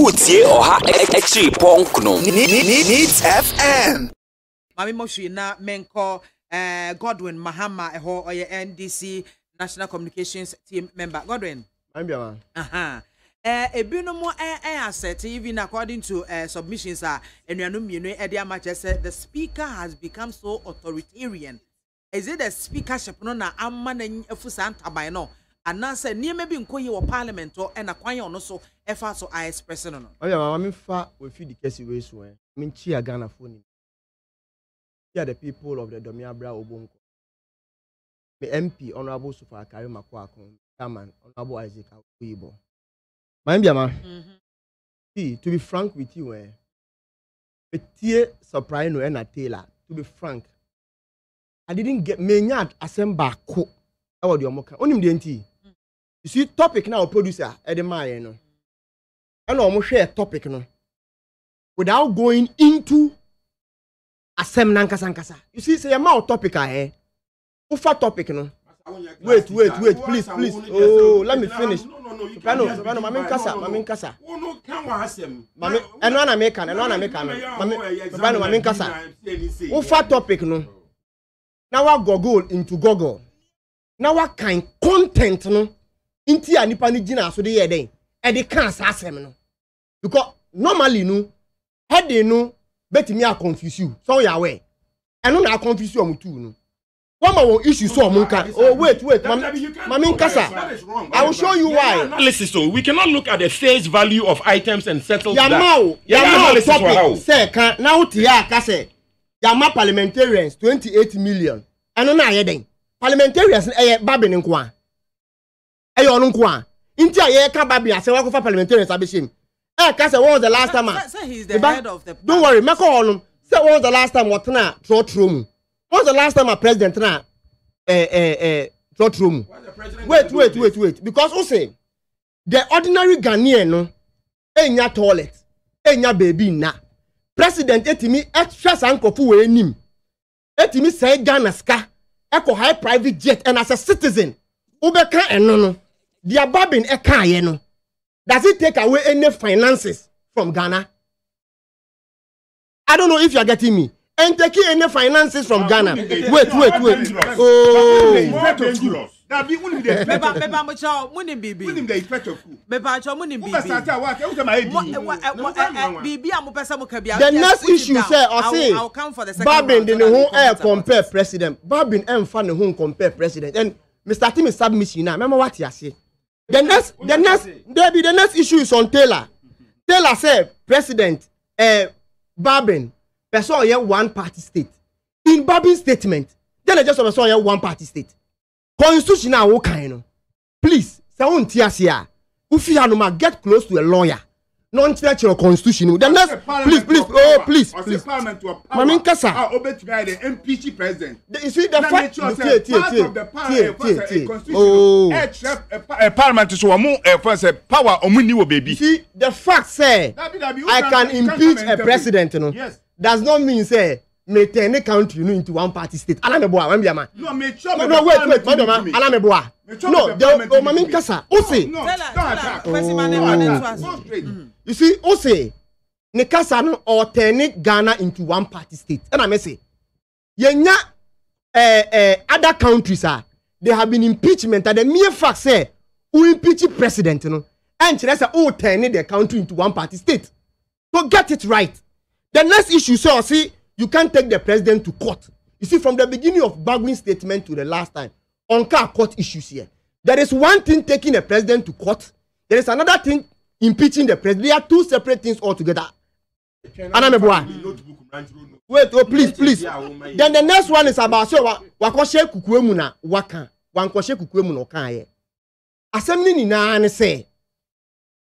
wotie ɔha akyiri pɔnkno neat fm maame mɔhwee na menkɔ eh, godwin mahama ɛhɔ ɔyɛ ndc national communications team member godwin mbiama aha uh, eh, ebinom ɛɛ eh, asɛte even according to uh, submissions a ah, nnuanu mmienu ɛde ama kyerɛ sɛ the speaker has become so authoritarian is it the speakership no na ama na efu saa ntaban no anaasɛ nneɛma bi nkɔ yie wɔ parliament ɛna kwan yɛ ɔno so ɛfa so a express no no. ɔyɛ maame mefa ofi di kɛse wei so ɛ menkyia ghanafoɔ nim here the people of the domiabra obonko the mp honorable sufa akari makwako chairman honorable isaac akuyibo maa bi ama see to be frank with you eh etie soprano ɛna taylor to be frank i didn't get menya asɛm baako ɛwɔ deɛ ɔmo ka onim deɛ nti you see topic na o producer ɛde maa yɛn no ɛna wɔn hwɛ topic no without going into asɛm na nkasankasa you see sɛ yɛ maa o topic ahɛ wofa eh. topic no wait wait wait please please oh let me finish soprano soprano maame nkasa maame nkasa maame ɛnu ana mi kan ɛnu ana mi kan no maame eh, soprano maame nkasa wofa topic no na wa goggle into goggle na wa kan content no nti a nipa no gyina so de yɛ dɛn ɛde kan saa asɛm no because normally no heading no betumi a confuse you so yɛ awɛ ɛno na a confuse wɔn tu no wọ́n ma wọ́n issue sọ ọ̀mú nka oh wait wait mami nkasa i will show you why. analysis o we cannot look at the face value of items and settle that. yamma o yamma o topic sẹ́ẹ̀kan náà ó ti yá àkásẹ̀ yamma parliamentarians twenty eight million ẹnu náà yẹ dẹ́n parliamentarians ẹ yẹ bábìnrin kwan ɛyɛ ɔno nko a nti a yɛka ba bi asɛ wakɔfa parliamentarians abɛhyɛ mu e ɛ ka sɛ wɔn the last time a eba don't worry mɛkɔ hɔ no sɛ wɔn the last time wɔtena trɔtrɔ mu wɔn the last time a president tena ɛɛ ɛɛ trɔtrɔ mu wait wait wait wait because o say the ordinary ghanaian no enya toilet enya beebi nna president etimi ɛhwɛ e saa nkɔfo wɔ anim etimi sɛ e ghana sika ɛkɔ high private jet ɛna sɛ citizen wobɛka ɛno no deɛ babin ɛkaayɛ no does it take away any finances from ghana i don't know if you are getting me and taking any finances from ghana wait wait wait ooo. dabi wúni de effect of. bẹba mo sọ wúni bìbì. wúni de effect of. bẹba sọ wúni bìbì. wúni sàtẹ àwọn akẹ́ wúni sàmà ẹ̀dì. bìbí àmú the next issue sẹ ọsẹ babin de ne compare president babin ẹ nfa ne ho compare president and mr timi submission na mẹ́mọ́ wá ti àṣẹ the next the next debi the next issue is on taylor taylor sef president uh, eh, Barbin, person ɔyɛ one party state in Barbin statement taylor just person ɔyɛ one party state constitution a wɔn kan no please sɛ wɔn ti ase a wofi hanom a get close to a lawyer na ɔnkyerɛkyerɛ constitution mu the next please please oh please please maame nkasa you see the fact tie tie tie tie tie tie oh parliament so wɔn ɛfɔ sɛ power ɔmo ni wɔ beebi. see the fact sɛ i can impeach a president no does not mean say may turn the country you into one party state alameboa wọn bi ama no wait wait madam alameboa no the omami nkasa o se. no no no no no no no no no no you see o se ne kasa no ɔtɛni ghana into one party state ɛna mɛ se yɛnya ɛɛ ɛɛ other countries a they have been impeachment and the mere fact sɛ o impeach president no ɛnkyerɛ sɛ o tɛni the country into one party state so get it right the next issue sɛ so, ɔsi you can take the president to court you see from the beginning of gbagwin statement to the last time onka court issues here there is one thing taking a president to court there is another thing impeaching the president. They are two separate things altogether. Anamebua. Wait, oh please, please. Then the next one is about so Wakoshe kukuo mu na waka. Wankɔhyɛ kukuo mu na ɔka yɛ. Asɛm ne nyinaa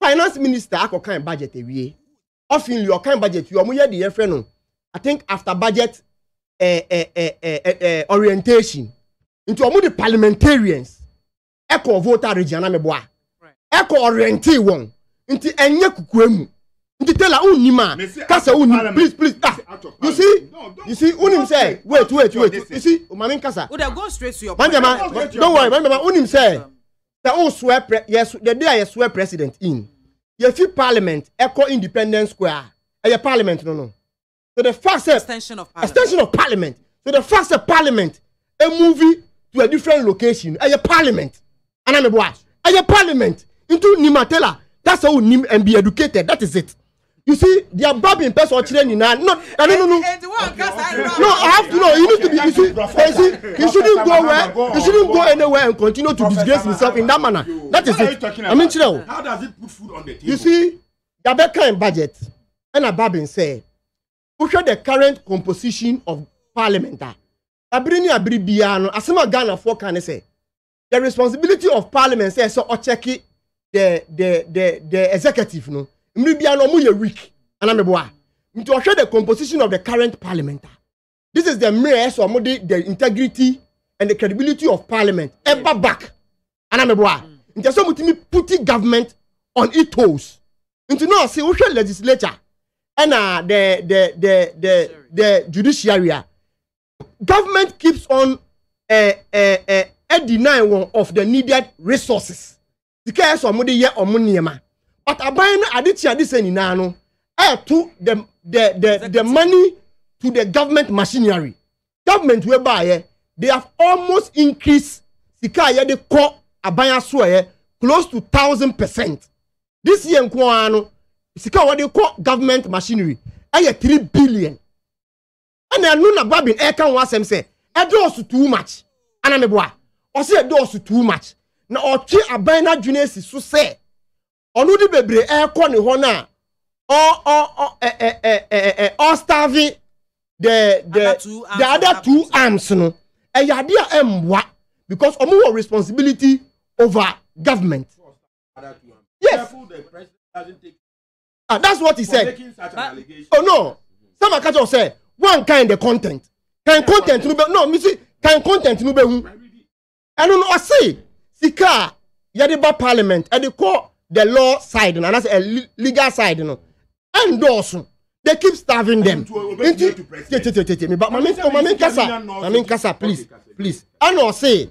finance minister akɔkan budget awie. Eh, Often ɔkan budget you are yɛ de I think after budget eh, eh, eh, eh, eh, eh orientation. into ɔmo de parliamentarians Echo voter region Anamebua. Echo orientate one nti ɛnyɛ kukua mu nti taylor o nim a kasa o nim please please ah you see you see o nim sɛ wait wait wait you see o ma mi nkasa manjama don't worry manjama o nim sɛ sɛ o swear pre Yes, the day a swear president in yɛ fi parliament ɛkɔ independence square ɛyɛ parliament no no so the fact sɛ extension of parliament extension of parliament so the fact sɛ parliament a movie to a different location ɛyɛ parliament anamibua ɛyɛ parliament ntu nimatelah that's how nim and be educated that is it you see their bab in person ọ̀kyerẹ́ nyinaa no no no no no i have to know you need to be you see you see you shouldn't go where you shouldn't go anywhere and continue to disgrace himself in that manner that is it i mean kyerẹ́ o you see yabẹ kind budget ẹna babin sẹ wohwẹ the current composition of parliament a abiri ni abiri biara no asem a ghana fo kan sẹ the responsibility of parliament sẹ ẹ sọ ọ chẹki the the the the executive no mmiri bia no ɔmo yɛ weak anamibua nti ɔhwɛ the composition of the current parliament this is the mirror ɛsɛ ɔmo de the integrity and the credibility of parliament ɛba back anamibua nti ɛsɛ ɔmo ti mi puti government on its toes nti náà ɔsi wohwɛ legislature ɛna uh, the the the the the judiciary a government keeps on ɛɛ ɛɛ ɛɛ deny one of the needed resources sika yɛ sɛ ɔmo de yɛ ɔmo nneɛma but aban no ade tia de sɛ nyinaa no ɛɛto the the the the money to the government machinery government wey ba yɛ they have almost increased sika a yɛde kɔ aban aso yɛ close to thousand percent this year nko ara ah, no sika a wɔde kɔ government machinery ɛyɛ three billion And ɛna ɛnu na babin ɛɛka wɔn asɛm sɛ ɛdɔɔso too much anamibua ɔsi ɛdɔɔso too much na ɔtwe aban n'adwene esi so sɛ ɔno de bebree ɛrekɔ ne hɔ no a ɔ ɔ ɔ ɛ ɛ ɛ ɛ ɛ ɔstaavi the the the other two arms no ɛyɛ ade a ɛmboa because ɔmo wɔ responsibility over government yes ah that's what he said oh no sam akacho say one kind the content kind content no be no me see kind content no be hu ɛno no ɔsi sika a yɛde ba parliament ɛde kɔ the law side no anaasɛ eh, legal side no ɛndɔɔso they keep starving them nti tietietie meba maame maame nkasa maame nkasa please please ɛna ɔse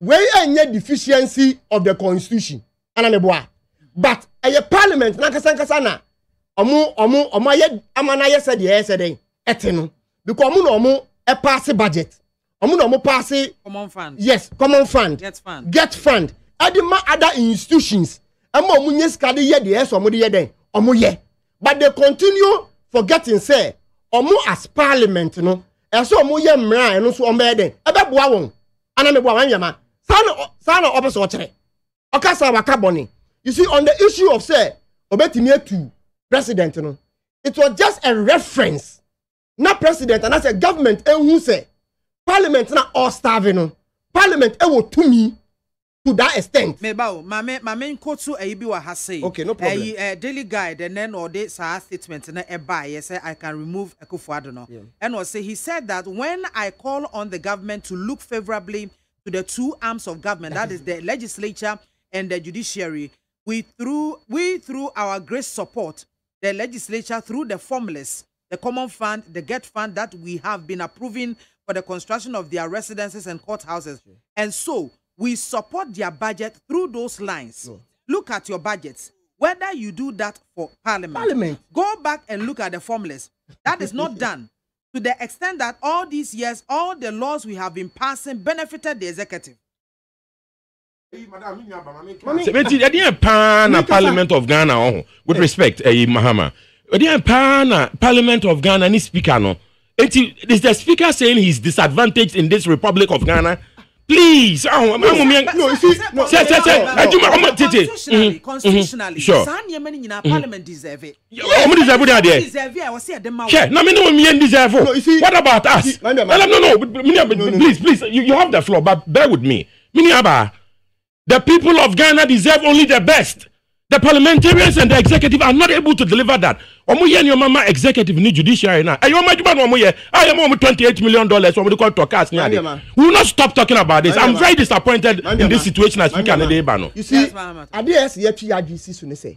wei ɛnyɛ deficiency of the constitution ɛna ne boa but ɛyɛ parliament n'ankasa nkasa na ɔmo ɔmo ɔmo ayɛ ama n'ayɛ sɛ deɛ ɛyɛ sɛ deɛ ɛte no because ɔmo na ɔmo ɛpaase e budget ɔmo na ɔmo paase. common fund yes common fund get fund get fund ɛde ma other institutions ɛma ɔmo nye sika de yɛ deɛ ɛsɛ ɔmo de yɛ dɛ ɔmo yɛ but they continue forgetting say. ɔmo as parliament no ɛsɛ ɔmo yɛ mmerɛ a ɛno nso ɔmo yɛ dɛ ɛbɛboa wɔn anamɛ boa wɔn nyama saa na saa na ɔbɛ sɛ waka bɔne you see on the issue of sɛ ɔbɛtumi etu president no it was just a reference na president and anasɛ government ehun say. parliament na all starving no parliament ɛwɔ tumi to that extent. mebao maame maame nkotu ɛyi eh, bi wɔ ha sei. okay no problem ɛyi eh, ɛ eh, daily guide ɛnɛ na ɔde saa statement na ɛba ayɛ Yes, i can remove ekufuado no ɛna say? he said that when i call on the government to look favourably to the two arms of government that is the legislature and the judiciary we through we through our great support the legislature through the formless the common fund the get fund that we have been approving for the construction of their residences and courthouses. Okay. And so we support their budget through those lines. Look at your budgets. Whether you do that for parliament, parliament, go back and look at the formulas. That is not done to the extent that all these years, all the laws we have been passing benefited the executive. Sebeti, yɛ deɛ paa na parliament of Ghana oh, with respect eh, Mahama, parliament of Ghana ni speaker no is the speaker saying he's disadvantaged in this Republic of Ghana? please ahun ah, ah, ah, No. No. No. no you see no sẹ sẹ sẹ ẹjumọ constitutionally constitutionally deserve it. deserve de deserve yɛ ɔsi ɛdi ma deserve what about us. no no no please please you, you have the floor but bear with me. mi the people of Ghana deserve only the best. the parliamentarians and the executive are not able to deliver that wɔn ni nneɛma ma executive ni judiciary na ɛyɛ wɔn adwuma na wɔn yɛ a yɛ ma wɔn twenty eight million dollars wɔn de kɔ tɔ cars ni we will not stop talking about this i am very disappointed in this situation as speaker ne de you see adeɛ yɛ si yɛ twi adu si so ne sɛ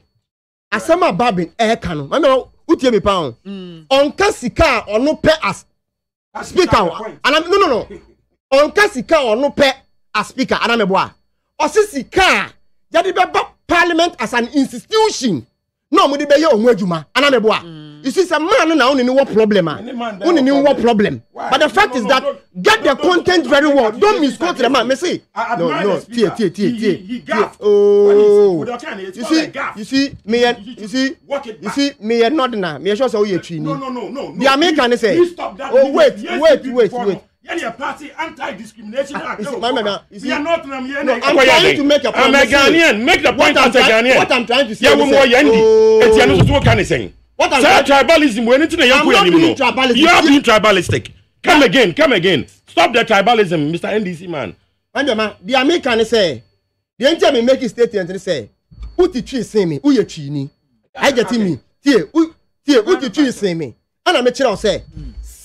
asɛm a babin ɛɛka no mɛmɛ wotie mi paa hmm. o ɔnka sika a ɔno pɛ as speaker o anam no no no ɔnka sika a ɔno pɛ as speaker anamɛboa ɔsi sika a yɛde bɛ parliament as an institution na ɔmo de bɛyɛ ɔmo adwuma anamɛboa you see sɛ man no na ɔne ne wɔ problem a ɔne ne wɔ problem but the fact is that get the content very well don misquote the man me say no no tie tie tie tie tie ooo you see you see me you see you see me yɛ nɔdina me yɛ sure sɛ o yɛ twii ni di america ni oh, oh wait wait wait wait yẹn anti-discrimination ah, act. we are not trying to make a point. i'm a make the point as a what i'm trying to say. yẹ wo mo yẹn di trying to say. tribalism wo ẹni tí na mu no you have been tribalistic. come again come again stop the tribalism mr ndc man. wàndìyàmá di amíkan ni sẹ diẹ n jẹ mi make statement ni sẹ wù ti twi sin mi wù yẹ twi ni ayé jẹ ti mi tie wù tie wù ti twi sin mi ẹnna mi kyerẹ ọ sẹ.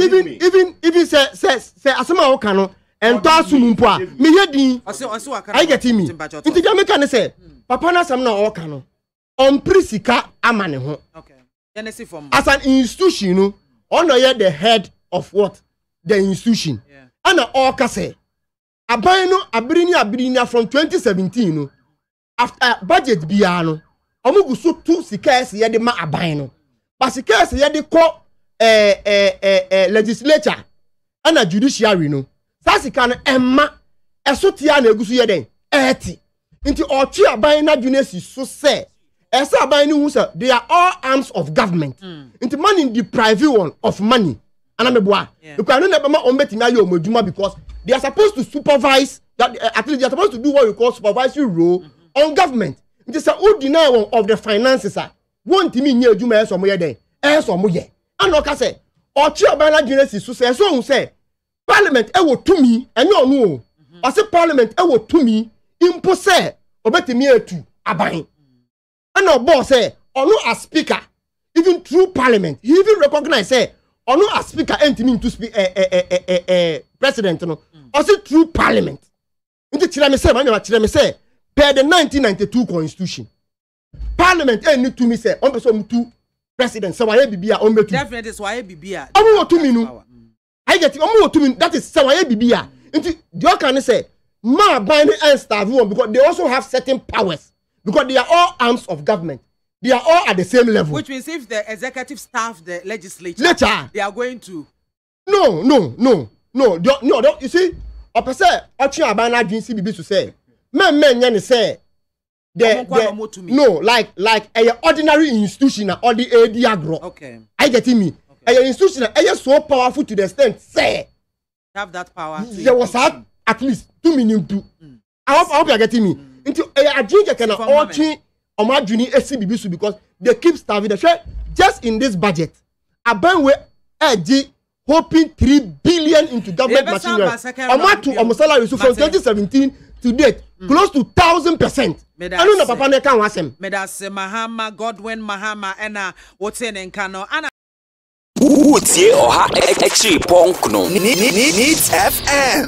even even even say say say asɛm o kanu no ɛntɔ asum mpo a meyɛ din ayi gɛti mi nti deɛ meka ne sɛ hmm. papa no o kanu ɔɔka no ɔmpere sika ama ne ho as an institution no ɔna ɔyɛ the head of what the institution ɛna ɔɔka sɛ aban no abiri ne abiri ne from 2017 no after eh, budget biara no ɔmo gu so tu sika ɛsɛ yɛde ma aban no ba sika ɛsɛ yɛde ko eh, eh, eh, legislature ɛna judiciary no saa sika no ɛma ɛso tia na egu so yɛ dɛn ɛɛti nti ɔtwe aban n'adwene si so sɛ ɛsɛ aban no hu sɛ they are all arms of government mm. nti money private one of money anamibua ekura no na ɛbɛma wɔn bɛtumi ayɛ wɔn adwuma because they are supposed to supervise that eh, at least they are supposed to do what we call supervisory role mm-hmm. on government nti sɛ o deny one of the finances a wɔn ntumi nye adwuma ɛsɛ wɔn yɛ dɛn ɛsɛ wɔn yɛ ɛna ɔka sɛ ɔkye ɔbɛn na gyina si so sɛ ɛsɛ ohun sɛ parliament ɛwɔ tumi ɛnyɛ ɔno o mhm. ɔsɛ parliament ɛwɔ tumi mpo sɛ ɔbɛtumi etu aban ɛna ɔbɔɔ sɛ ɔno as speaker even through parliament he even recognize sɛ ɔno as speaker ɛntumi to speak. ɛ ɛ ɛ ɛ ɛ president no mm. ɔsɛ through parliament nti kyerɛ mi sɛ maa mi ma kyerɛ mi sɛ per the 1992 constitution parliament ɛnni tumi sɛ ɔn pɛ sɛ ɔmo tu president sɛ wayɛ bibi a ɔn bɛ tu definitely sɛ wayɛ bibi a ɔmu wɔ tumi nu ayi jate ɔmu wɔ tumi nu that is sɛ wayɛ bibi a nti deɛ ɔka ne sɛ maa ban ne ɛn starve wɔn because they also have certain powers because they are all arms of government they are all at the same level. which means if the executive staff the legislature. later they are going to. no no no no no you see ɔpɛ sɛ ɔtwe aban n'adwin si bibi so sɛ mɛmɛ nyɛ ne sɛ the the no like like ɛyɛ ordinary institution na ɔde ɛɛdi agorɔ okay i get me ɛyɛ institution na ɛyɛ so powerful to the extent say have that power yɛ wɔ saa at least two million two mm. i hope i hope you are getting me mm. nti ɛyɛ adwene kɛkɛ na ɔtwe ɔmo adwene esi bibi so because they keep starving the share just in this budget abanwe ɛɛgye hoping three billion into government machinery ɔmo ato ɔmo salary so from twenty seventeen to date mm. close to thousand percent ɛnu na papa no ɛka ho asɛm. medase mahama godwin mahama ɛna wotie ne nka no. wotie ɔha akyiri pɔnkno neat fm